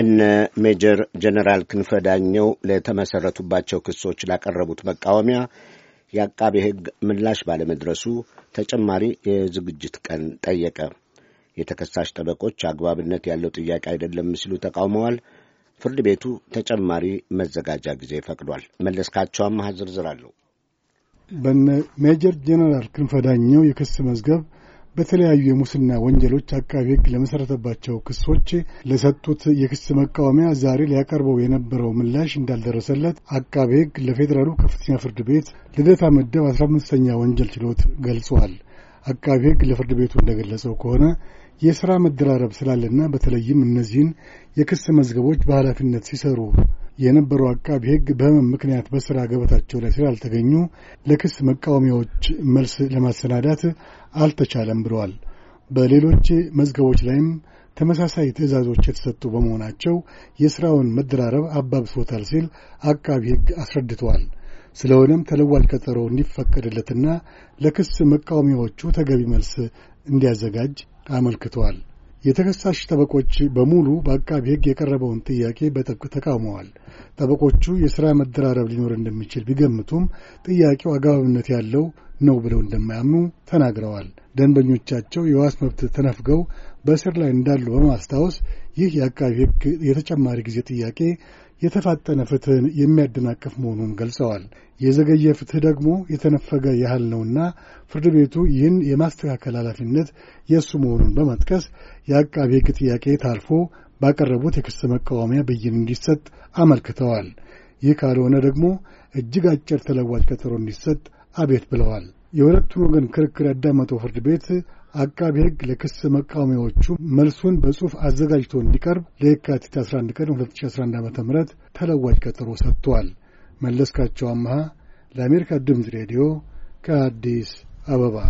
እነ ሜጀር ጀነራል ክንፈ ዳኘው ለተመሠረቱባቸው ክሶች ላቀረቡት መቃወሚያ የአቃቤ ሕግ ምላሽ ባለመድረሱ ተጨማሪ የዝግጅት ቀን ጠየቀ። የተከሳሽ ጠበቆች አግባብነት ያለው ጥያቄ አይደለም ሲሉ ተቃውመዋል። ፍርድ ቤቱ ተጨማሪ መዘጋጃ ጊዜ ፈቅዷል። መለስካቸው አማህ ዝርዝር አለው። በነ ሜጀር ጀነራል ክንፈ ዳኘው የክስ መዝገብ በተለያዩ የሙስና ወንጀሎች አቃቢ ሕግ ለመሠረተባቸው ክሶች ለሰጡት የክስ መቃወሚያ ዛሬ ሊያቀርበው የነበረው ምላሽ እንዳልደረሰለት አቃቢ ሕግ ለፌዴራሉ ከፍተኛ ፍርድ ቤት ልደታ ምደብ አስራ አምስተኛ ወንጀል ችሎት ገልጿል። አቃቢ ሕግ ለፍርድ ቤቱ እንደገለጸው ከሆነ የሥራ መደራረብ ስላለና በተለይም እነዚህን የክስ መዝገቦች በኃላፊነት ሲሰሩ የነበረው አቃቢ ሕግ በህመም ምክንያት በሥራ ገበታቸው ላይ ስላልተገኙ ለክስ መቃወሚያዎች መልስ ለማሰናዳት አልተቻለም ብለዋል። በሌሎች መዝገቦች ላይም ተመሳሳይ ትዕዛዞች የተሰጡ በመሆናቸው የሥራውን መደራረብ አባብሶታል ሲል አቃቢ ሕግ አስረድተዋል። ስለሆነም ተለዋጭ ቀጠሮ እንዲፈቀድለትና ለክስ መቃወሚያዎቹ ተገቢ መልስ እንዲያዘጋጅ አመልክተዋል። የተከሳሽ ጠበቆች በሙሉ በአቃቢ ሕግ የቀረበውን ጥያቄ በጥብቅ ተቃውመዋል። ጠበቆቹ የሥራ መደራረብ ሊኖር እንደሚችል ቢገምቱም ጥያቄው አግባብነት ያለው ነው ብለው እንደማያምኑ ተናግረዋል። ደንበኞቻቸው የዋስ መብት ተነፍገው በእስር ላይ እንዳሉ በማስታወስ ይህ የአቃቢ ሕግ የተጨማሪ ጊዜ ጥያቄ የተፋጠነ ፍትህን የሚያደናቅፍ መሆኑን ገልጸዋል። የዘገየ ፍትህ ደግሞ የተነፈገ ያህል ነውና ፍርድ ቤቱ ይህን የማስተካከል ኃላፊነት የእሱ መሆኑን በመጥቀስ የአቃቢ ሕግ ጥያቄ ታልፎ ባቀረቡት የክስ መቃወሚያ ብይን እንዲሰጥ አመልክተዋል። ይህ ካልሆነ ደግሞ እጅግ አጭር ተለዋጭ ቀጠሮ እንዲሰጥ አቤት ብለዋል። የሁለቱን ወገን ክርክር ያዳመጠው ፍርድ ቤት አቃቢ ሕግ ለክስ መቃወሚያዎቹ መልሱን በጽሑፍ አዘጋጅቶ እንዲቀርብ ለየካቲት 11 ቀን 2011 ዓ ም ተለዋጅ ቀጠሮ ሰጥቷል። መለስካቸው አመሃ ለአሜሪካ ድምፅ ሬዲዮ ከአዲስ አበባ